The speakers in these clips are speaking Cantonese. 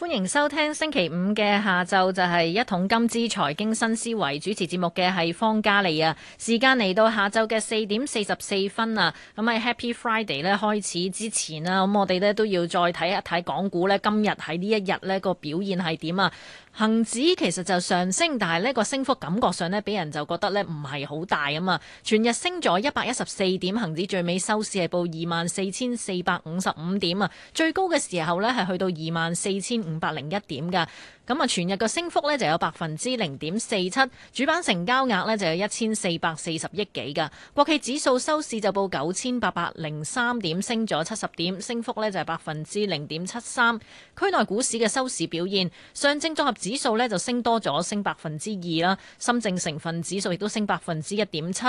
歡迎收聽星期五嘅下晝，就係一桶金之財經新思維主持節目嘅係方嘉利。啊。時間嚟到下晝嘅四點四十四分啊，咁喺 Happy Friday 咧開始之前啊，咁我哋咧都要再睇一睇港股咧今日喺呢一日咧個表現係點啊。恒指其實就上升，但係呢個升幅感覺上呢，俾人就覺得呢唔係好大啊嘛。全日升咗一百一十四點，恒指最尾收市係報二萬四千四百五十五點啊，最高嘅時候呢係去到二萬四千五百零一點㗎。咁啊，全日嘅升幅咧就有百分之零點四七，主板成交額咧就有一千四百四十億幾噶。國企指數收市就報九千八百零三點，升咗七十點，升幅咧就係百分之零點七三。區內股市嘅收市表現，上證綜合指數咧就升多咗，升百分之二啦。深證成分指數亦都升百分之一點七。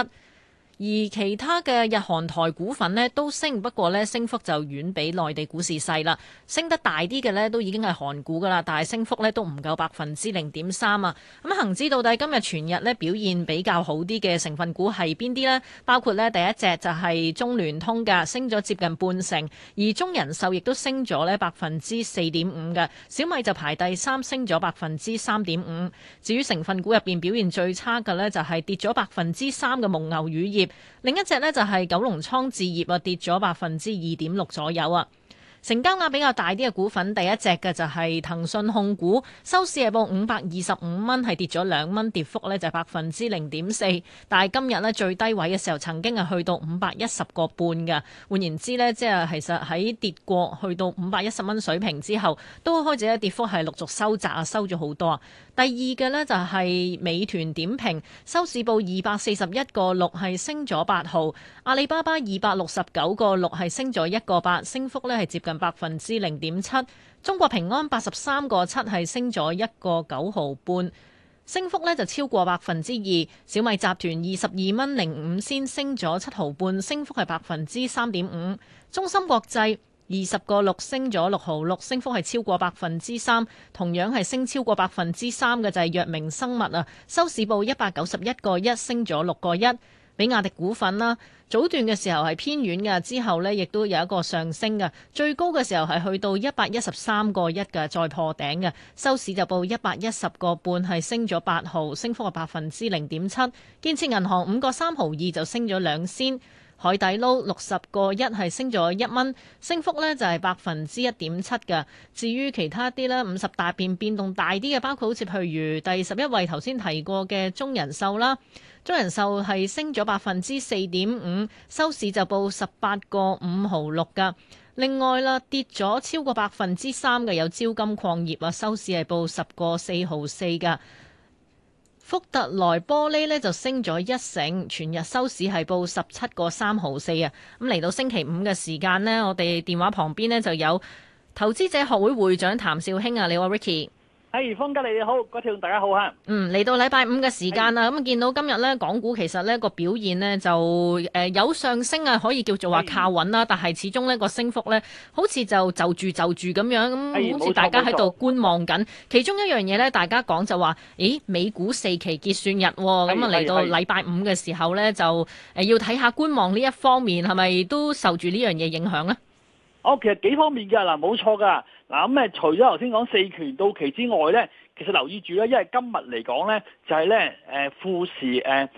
而其他嘅日韓台股份呢，都升，不過呢，升幅就遠比內地股市細啦。升得大啲嘅呢，都已經係韓股噶啦，但係升幅呢，都唔夠百分之零點三啊。咁恒指到底今日全日呢，表現比較好啲嘅成分股係邊啲呢？包括呢，第一隻就係中聯通嘅，升咗接近半成；而中人壽亦都升咗呢百分之四點五嘅。小米就排第三升，升咗百分之三點五。至於成分股入邊表現最差嘅呢，就係、是、跌咗百分之三嘅蒙牛乳業。另一隻呢，就係九龍倉置業啊，跌咗百分之二點六左右啊。成交額比較大啲嘅股份，第一隻嘅就係騰訊控股，收市係報五百二十五蚊，係跌咗兩蚊，跌幅呢就係百分之零點四。但係今日呢，最低位嘅時候，曾經係去到五百一十個半㗎。換言之呢，即係其實喺跌過去到五百一十蚊水平之後，都開始嘅跌幅係陸續收窄啊，收咗好多啊。第二嘅呢，就係、是、美團點評，收市報二百四十一個六，係升咗八毫；阿里巴巴二百六十九個六，係升咗一個八，升幅呢係接近，百分之零點七，中國平安八十三個七係升咗一個九毫半，升幅咧就超過百分之二。小米集團二十二蚊零五仙，升咗七毫半，升幅係百分之三點五。中芯國際二十個六，升咗六毫六，升幅係超過百分之三，同樣係升超過百分之三嘅就係藥明生物啊，收市報一百九十一個一，升咗六個一。比亞迪股份啦，早段嘅時候係偏軟嘅，之後呢，亦都有一個上升嘅，最高嘅時候係去到一百一十三個一嘅，再破頂嘅，收市就報一百一十個半，係升咗八毫，升幅係百分之零點七。建設銀行五個三毫二就升咗兩仙。海底撈六十個一係升咗一蚊，升幅呢就係百分之一點七噶。至於其他啲呢，五十大變變動大啲嘅，包括好似譬如第十一位頭先提過嘅中人壽啦，中人壽係升咗百分之四點五，收市就報十八個五毫六噶。另外啦，跌咗超過百分之三嘅有招金礦業啊，收市係報十個四毫四噶。福特萊玻璃咧就升咗一成，全日收市係報十七個三毫四啊。咁嚟到星期五嘅時間呢，我哋電話旁邊呢就有投資者學會會長譚紹興啊，你好 Ricky。喺余豐你好，各位朋友大家好哈。嗯，嚟到禮拜五嘅時間啦，咁的見到今日咧，港股其實咧個表現咧就誒有上升啊，可以叫做話靠穩啦。的但係始終呢個升幅咧，好似就就住就住咁樣，咁好似大家喺度觀望緊。其中一樣嘢咧，大家講就話，是，咦，美股四期結算日，咁啊嚟到禮拜五嘅時候咧，的就誒要睇下觀望呢一方面係咪都受住呢樣嘢影響咧？哦，其實幾方面嘅嗱，冇錯噶嗱咁誒，除咗頭先講四權到期之外咧，其實留意住咧，因為今日嚟講咧就係咧誒富時誒誒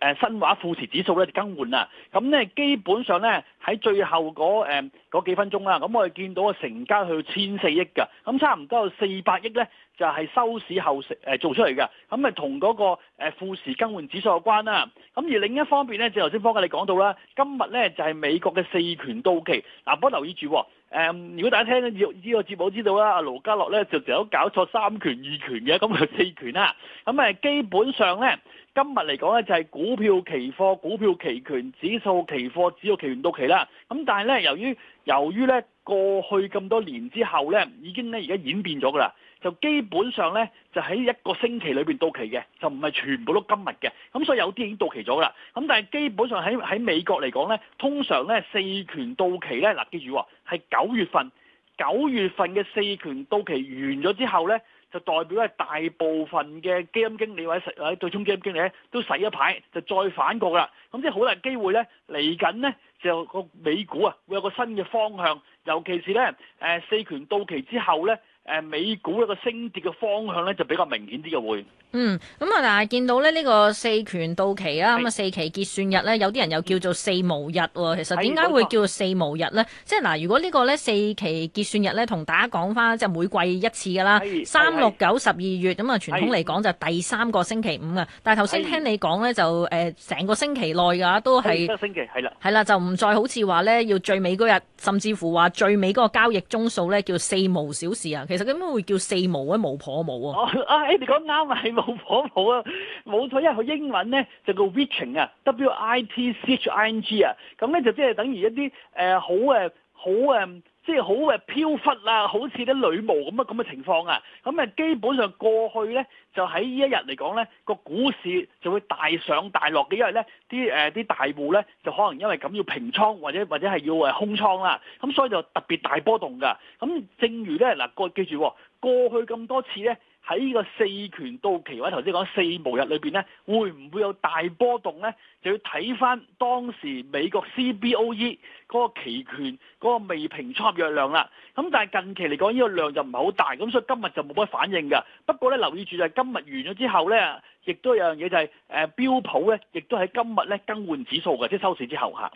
誒新華富時、呃、指數咧就更換啦，咁咧基本上咧喺最後嗰嗰幾分鐘啦，咁我哋見到啊成交去到千四億㗎，咁差唔多有四百億呢，就係、是、收市後誒、呃、做出嚟嘅，咁咪同嗰個誒富時更換指數有關啦、啊。咁而另一方面呢，就如頭先方家你講到啦，今日呢就係、是、美國嘅四權到期，嗱、啊，唔好留意住、啊，誒、呃，如果大家聽呢呢、這個節目知道啦，阿盧嘉樂呢就成日都搞錯三權二權嘅，咁、嗯、就四權啦、啊。咁、嗯、誒基本上呢，今日嚟講呢，就係股票期貨、股票期權、指數期貨、指數期權到期啦。咁、嗯、但係呢，由於由於咧過去咁多年之後咧，已經咧而家演變咗噶啦，就基本上咧就喺一個星期裏邊到期嘅，就唔係全部都今日嘅。咁所以有啲已經到期咗啦。咁但係基本上喺喺美國嚟講咧，通常咧四權到期咧，嗱記住係九月份。九月份嘅四權到期完咗之後咧，就代表係大部分嘅基金經理或者對沖基金經理咧都洗一牌，就再反國啦。咁即係好大機會咧，嚟緊咧。就個美股啊，會有個新嘅方向，尤其是咧，誒、呃、四權到期之後咧。誒，美股咧個升跌嘅方向咧就比較明顯啲嘅會。嗯，咁啊，但係，見到咧呢個四權到期啦，咁啊是四期結算日咧，有啲人又叫做四無日喎。其實點解會叫做四無日呢？即係嗱，如果呢個咧四期結算日咧，同大家講翻，即係每季一次噶啦，三是、六 3,、九、十二月咁啊，傳是統嚟講就第三個星期五啊。但係頭先聽你講咧，是就誒成個星期內噶都係。星期係啦。係啦，就唔再好似話咧要最尾嗰日，甚至乎話最尾嗰個交易鐘數咧叫四無小時啊。其實點解會叫四母咧、啊？巫婆母啊！啊，你講啱啊，係巫婆母啊，冇錯，因為佢英文咧就叫 Witching 啊，W I T C H I N G 啊，咁咧就即係等於一啲誒好誒好誒。即係好誒飄忽啊，好似啲女巫咁啊咁嘅情況啊，咁誒基本上過去咧就喺呢一日嚟講咧個股市就會大上大落嘅，因為咧啲誒啲大戶咧就可能因為咁要平倉或者或者係要誒空倉啦、啊，咁所以就特別大波動噶。咁正如咧嗱，個記住、哦、過去咁多次咧。喺呢個四權到期，或者頭先講四巫日裏邊咧，會唔會有大波動咧？就要睇翻當時美國 CBOE 嗰個期權嗰個未平倉合約量啦。咁但係近期嚟講，呢個量就唔係好大，咁所以今日就冇乜反應嘅。不過咧，留意住就係今日完咗之後咧，亦都有樣嘢就係誒標普咧，亦都喺今日咧更換指數嘅，即係收市之後嚇。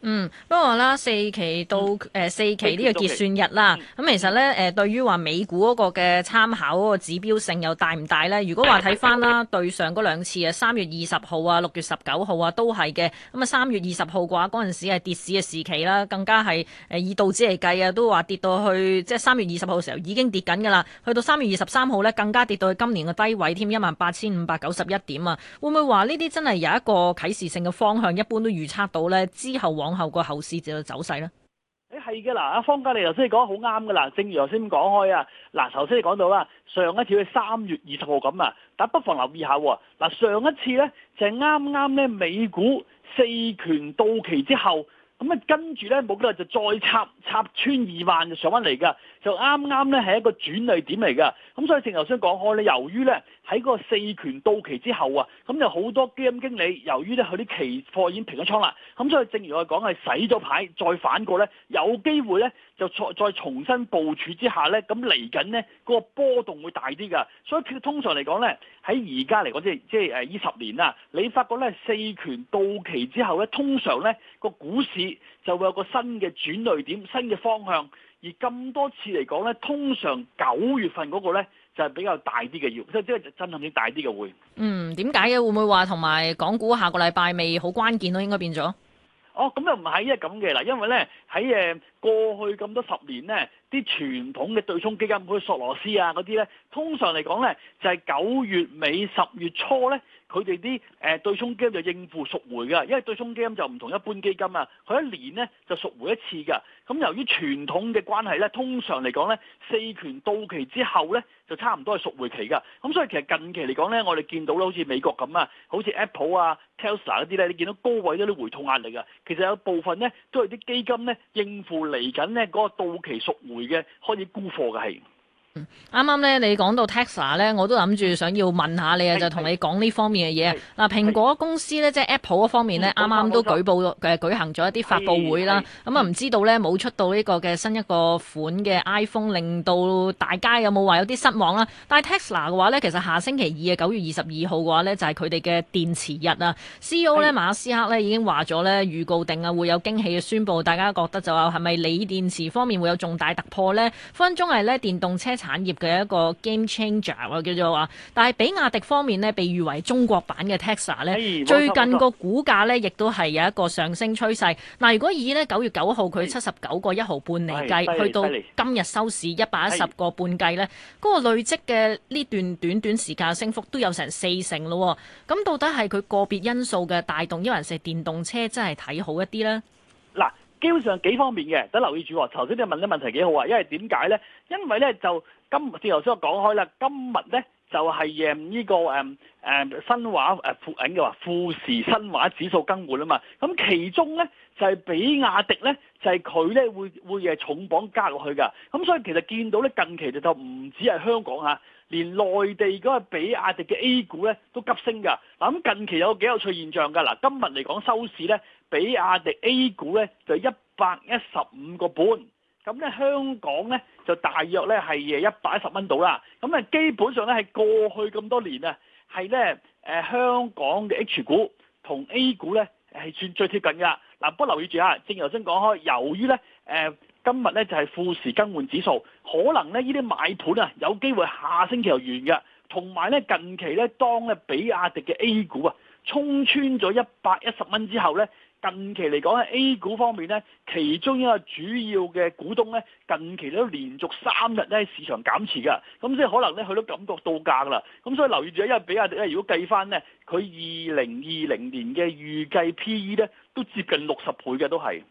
嗯，不過啦，四期到誒、呃、四期呢個結算日啦，咁、嗯、其實呢，誒、呃、對於話美股嗰個嘅參考嗰個指標性又大唔大呢？如果話睇返啦，對上嗰兩次啊，三月二十號啊，六月十九號啊，都係嘅。咁啊，三月二十號嘅話，嗰陣時係跌市嘅時期啦，更加係誒以道指嚟計啊，都話跌到去即係三月二十號嘅時候已經跌緊㗎啦，去到三月二十三號呢，更加跌到去今年嘅低位添，一萬八千五百九十一點啊！會唔會話呢啲真係有一個啟示性嘅方向，一般都預測到呢之後往往後個後市就走勢啦。誒、哎，係嘅啦，方家利頭先講好啱嘅啦。正如頭先咁講開啊，嗱，頭先你講到啦，上一次係三月二十號咁啊，但不妨留意下嗱，上一次咧就係啱啱咧美股四權到期之後。咁啊，跟住咧冇幾耐就再插插穿二萬就上翻嚟㗎，就啱啱咧係一個轉捩點嚟㗎。咁、嗯、所以正頭先講開咧，由於咧喺嗰個四權到期之後啊，咁就好多基金經理由於咧佢啲期貨已經平咗倉啦，咁、嗯、所以正如我講係洗咗牌再反過咧，有機會咧。就再再重新部署之下咧，咁嚟緊呢個波動會大啲㗎，所以通常嚟講咧，喺而家嚟講即係即係誒呢十年啦，你發覺咧四權到期之後咧，通常咧個股市就會有個新嘅轉捩點、新嘅方向，而咁多次嚟講咧，通常九月份嗰個咧就係比較大啲嘅要，即係即係震撼啲大啲嘅會。嗯，點解嘅會唔會話同埋港股下個禮拜未好關鍵咯？應該變咗。哦，咁又唔係一係咁嘅啦，因為咧喺誒過去咁多十年咧，啲傳統嘅對沖基金，譬如索羅斯啊嗰啲咧，通常嚟講咧就係九月尾十月初咧。佢哋啲誒對沖基金就應付贖回㗎，因為對沖基金就唔同一般基金啊，佢一年呢就贖回一次㗎。咁由於傳統嘅關係呢，通常嚟講呢，四權到期之後呢，就差唔多係贖回期㗎。咁所以其實近期嚟講呢，我哋見到咧，好似美國咁啊，好似 Apple 啊、Tesla 嗰啲呢，你見到高位都有啲回吐壓力啊。其實有部分呢，都係啲基金呢，應付嚟緊呢嗰個到期贖回嘅開始沽貨嘅係。啱啱咧，你講到 Tesla 咧，我都諗住想要問下你啊，是就同你講呢方面嘅嘢嗱，蘋果公司咧，即係 Apple 方面呢，啱啱是都舉報嘅舉行咗一啲發佈會啦。咁啊，唔、嗯、知道呢，冇出到呢個嘅新一個款嘅 iPhone，令到大家有冇話有啲失望啦？但係 Tesla 嘅話呢，其實下星期二嘅九月二十二號嘅話呢，就係佢哋嘅電池日啊。CEO 呢，是馬斯克呢，已經話咗呢，預告定啊會有驚喜嘅宣佈，大家覺得就話係咪鋰電池方面會有重大突破咧？翻綜藝咧，電動車產業嘅一個 game changer 叫做啊，但係比亞迪方面呢，被譽為中國版嘅 Tesla 呢、哎、最近個股價呢，亦都係有一個上升趨勢。嗱、呃，如果以呢九月九號佢七十九個一毫半嚟計，是去到今日收市一百一十個半計呢，嗰是害個累積嘅呢段短短時間嘅升幅都有成四成咯、哦。咁到底係佢個別因素嘅帶動，抑或係電動車真係睇好一啲呢？嗱。基本上幾方面嘅，等留意住。頭先你問啲問題幾好啊，因為點解咧？因為咧就今日頭先我講開啦。今日咧就係誒呢個誒誒、嗯嗯、新華誒，副影嘅話，富時新華指數更換啊嘛，咁其中咧。就係比亞迪咧，就係佢咧會會係重磅加落去噶，咁所以其實見到咧近期就唔止係香港嚇，連內地嗰個比亞迪嘅 A 股咧都急升噶嗱。咁近期有幾有趣現象㗎嗱，今日嚟講收市咧，比亞迪 A 股咧就一百一十五個半，咁咧香港咧就大約咧係嘅一百一十蚊度啦。咁啊基本上咧係過去咁多年啊，係咧誒香港嘅 H 股同 A 股咧係算最貼近㗎。嗱，不留意住啊！正如頭先講開，由於咧，誒、呃，今日咧就係富時更換指數，可能咧呢啲買盤啊，有機會下星期就完嘅，同埋咧近期咧當咧比亞迪嘅 A 股啊。衝穿咗一百一十蚊之後咧，近期嚟講喺 A 股方面咧，其中一個主要嘅股東咧，近期都連續三日咧喺市場減持噶，咁、嗯、所以可能咧佢都感覺到價噶啦，咁、嗯、所以留意住，因為比亞迪如果計翻咧，佢二零二零年嘅預計 P E 咧，都接近六十倍嘅都係。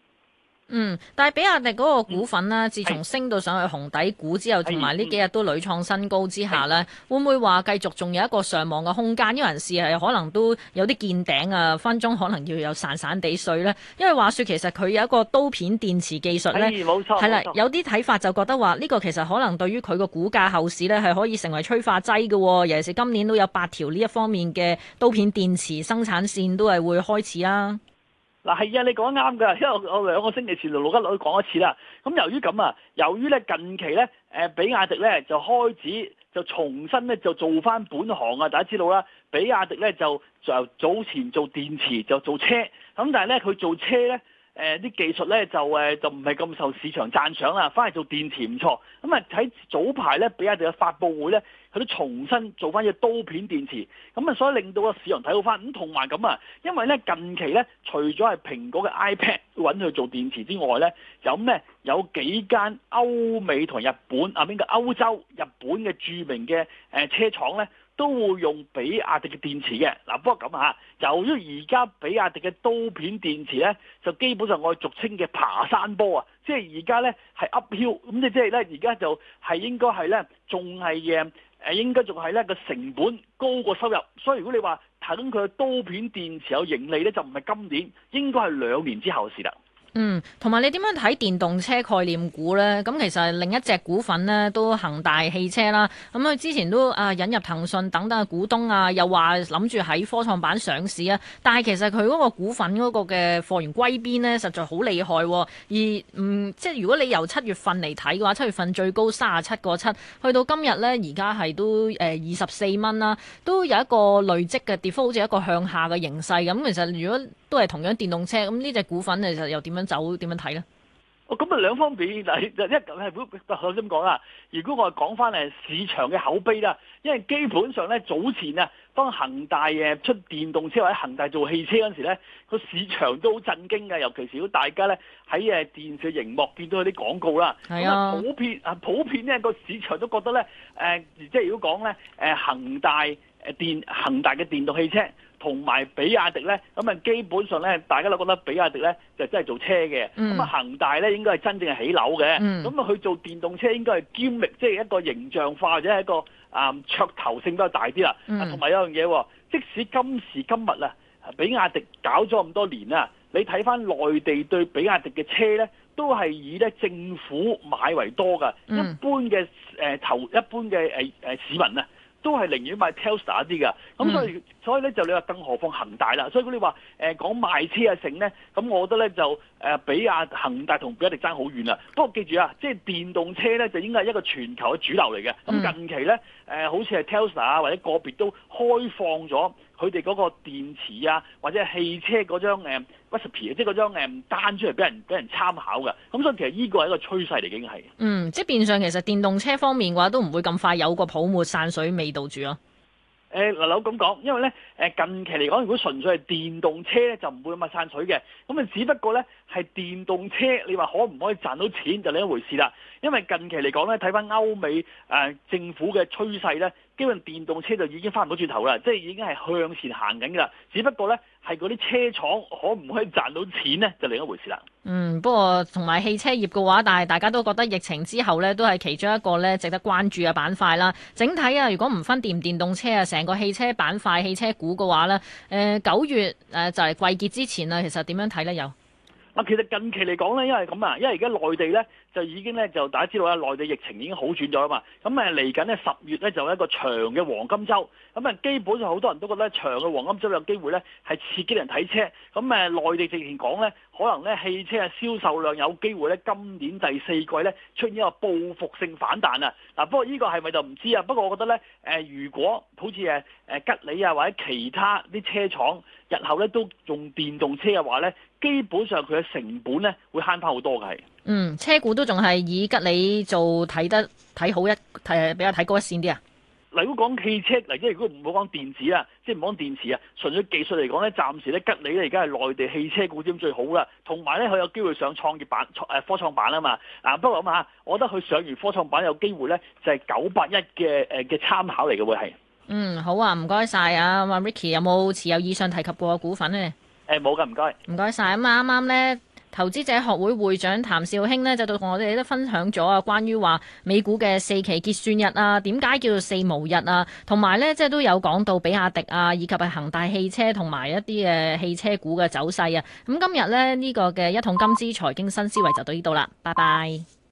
嗯，但係比亞迪嗰個股份呢，嗯、自從升到上去紅底股之後，同埋呢幾日都屢創新高之下呢，嗯、會唔會話繼續仲有一個上望嘅空間？有人士係可能都有啲見頂啊，分鐘可能要有散散地碎呢？因為話說，其實佢有一個刀片電池技術呢，係冇錯，係啦，有啲睇法就覺得話呢個其實可能對於佢個股價後市呢，係可以成為催化劑嘅、哦。尤其是今年都有八條呢一方面嘅刀片電池生產線都係會開始啊。嗱係啊，你講得啱㗎，因為我兩個星期前陸陸落去講一次啦。咁由於咁啊，由於咧近期咧，誒比亞迪咧就開始就重新咧就做返本行啊！大家知道啦，比亞迪咧就就早前做電池就做車，咁但係咧佢做車咧。誒啲、呃、技術咧就誒、呃、就唔係咁受市場讚賞啦，翻嚟做電池唔錯咁啊！喺早排咧，比亞迪嘅發佈會咧，佢都重新做翻隻刀片電池咁啊，所以令到個市場睇到翻咁同埋咁啊，因為咧近期咧，除咗係蘋果嘅 iPad 揾佢做電池之外咧，有咩，有幾間歐美同日本啊，邊個歐洲日本嘅著名嘅誒、呃、車廠咧？都會用比亞迪嘅電池嘅，嗱、啊、不過咁啊，由於而家比亞迪嘅刀片電池咧，就基本上我哋俗稱嘅爬山波啊，即係而家咧係 up hill，咁即係咧而家就係應該係咧仲係嘅，誒，應該仲係咧個成本高過收入，所以如果你話睇緊佢嘅刀片電池有盈利咧，就唔係今年，應該係兩年之後嘅事啦。嗯，同埋你點樣睇電動車概念股呢？咁其實另一隻股份呢，都恒大汽車啦。咁、嗯、佢之前都啊引入騰訊等等嘅股東啊，又話諗住喺科創板上市啊。但係其實佢嗰個股份嗰個嘅貨源歸邊呢，實在好厲害，啊。而嗯，即係如果你由七月份嚟睇嘅話，七月份最高三十七個七，去到今日呢，而家係都誒二十四蚊啦，都有一個累積嘅跌幅，好似一個向下嘅形勢。咁、嗯、其實如果，都係同樣電動車咁呢隻股份其實又點樣走？點樣睇呢？哦，咁啊兩方面嗱，一係如果我咁講啦，如果我講翻誒市場嘅口碑啦，因為基本上呢，早前啊，當恒大誒出電動車或者恒大做汽車嗰陣時咧，個市場都好震驚㗎，尤其是如果大家呢，喺誒電視熒幕見到啲廣告啦，咁啊普遍啊普遍咧個市場都覺得呢，誒、呃，即係如果講呢，誒、呃、恒大誒電恒大嘅電動汽車。同埋比亞迪呢，咁啊基本上呢，大家都覺得比亞迪呢就真係做車嘅。咁啊，恒大呢，應該係真正係起樓嘅。咁啊，佢做電動車應該係 gimmick，即係一個形象化或者係一個啊噱、嗯、頭性比較大啲啦。同埋、mm. 一樣嘢喎，即使今時今日啊，比亞迪搞咗咁多年啊，你睇翻內地對比亞迪嘅車呢，都係以咧政府買為多噶、mm.。一般嘅誒頭，一般嘅誒市民呢，都係寧願買 Tesla 啲嘅，咁所以、嗯、所以咧就你話，更何況恒大啦，所以如果你話誒、呃、講賣車啊成咧，咁我覺得咧就誒、呃比，啊、比亞恒大同比亞迪爭好遠啦。不過記住啊，即、就、係、是、電動車咧就應該係一個全球嘅主流嚟嘅。咁近期咧誒、嗯呃、好似係 Tesla 啊，或者個別都開放咗。佢哋嗰個電池啊，或者係汽車嗰張誒 e s i n g 即係嗰張誒，單出嚟俾人俾人參考㗎。咁所以其實呢個係一個趨勢嚟嘅已經係。嗯，即係變相其實電動車方面嘅話都唔會咁快有個泡沫散水味道住、啊、咯。誒、呃，嗱，我咁講，因為咧誒近期嚟講，如果純粹係電動車咧，就唔會咁樣散水嘅。咁啊，只不過咧係電動車，你話可唔可以賺到錢就另一回事啦。因為近期嚟講咧，睇翻歐美誒政府嘅趨勢咧，基本電動車就已經返唔到轉頭啦，即係已經係向前行緊㗎喇。只不過咧，係嗰啲車廠可唔可以賺到錢呢？就另一回事啦。嗯，不過同埋汽車業嘅話，但係大家都覺得疫情之後咧，都係其中一個咧值得關注嘅板塊啦。整體啊，如果唔分電電動車啊，成個汽車板塊、汽車股嘅話咧，誒、呃、九月誒就係季結之前啦。其實點樣睇咧？又？嗱，其實近期嚟講咧，因為咁啊，因為而家內地咧就已經咧就大家知道啦，內地疫情已經好轉咗啊嘛，咁誒嚟緊咧十月咧就一個長嘅黃金週，咁、嗯、誒基本上好多人都覺得長嘅黃金週有機會咧係刺激人睇車，咁、嗯、誒內地直情講咧，可能咧汽車嘅銷售量有機會咧今年第四季咧出現一個報復性反彈啊，嗱不過呢個係咪就唔知啊，不過我覺得咧誒、呃、如果好似誒誒吉利啊或者其他啲車廠日後咧都用電動車嘅話咧。基本上佢嘅成本咧，會慳翻好多嘅係。嗯，車股都仲係以吉利做睇得睇好一，誒比較睇高一線啲啊。嗱，如果講汽車，嗱即如果唔好講電池啦，即係唔好講電池啊，純粹技術嚟講咧，暫時咧吉利咧而家係內地汽車股之中最好啦。同埋咧，佢有機會上創業板、創誒科創板啊嘛。啊，不過咁啊，我覺得佢上完科創板有機會咧，就係九八一嘅誒嘅參考嚟嘅會係。嗯，好啊，唔該晒啊，啊 Ricky 有冇持有以上提及過嘅股份咧？誒，冇㗎，唔該，唔該晒。咁啱啱呢投資者學會會長譚紹興呢，就到同我哋都分享咗啊，關於話美股嘅四期結算日啊，點解叫做四無日啊，同埋呢，即係都有講到比亞迪啊，以及係恒大汽車同埋一啲嘅汽車股嘅走勢啊。咁今日呢，呢、呢個嘅一桶金之財經新思維就到呢度啦，拜拜。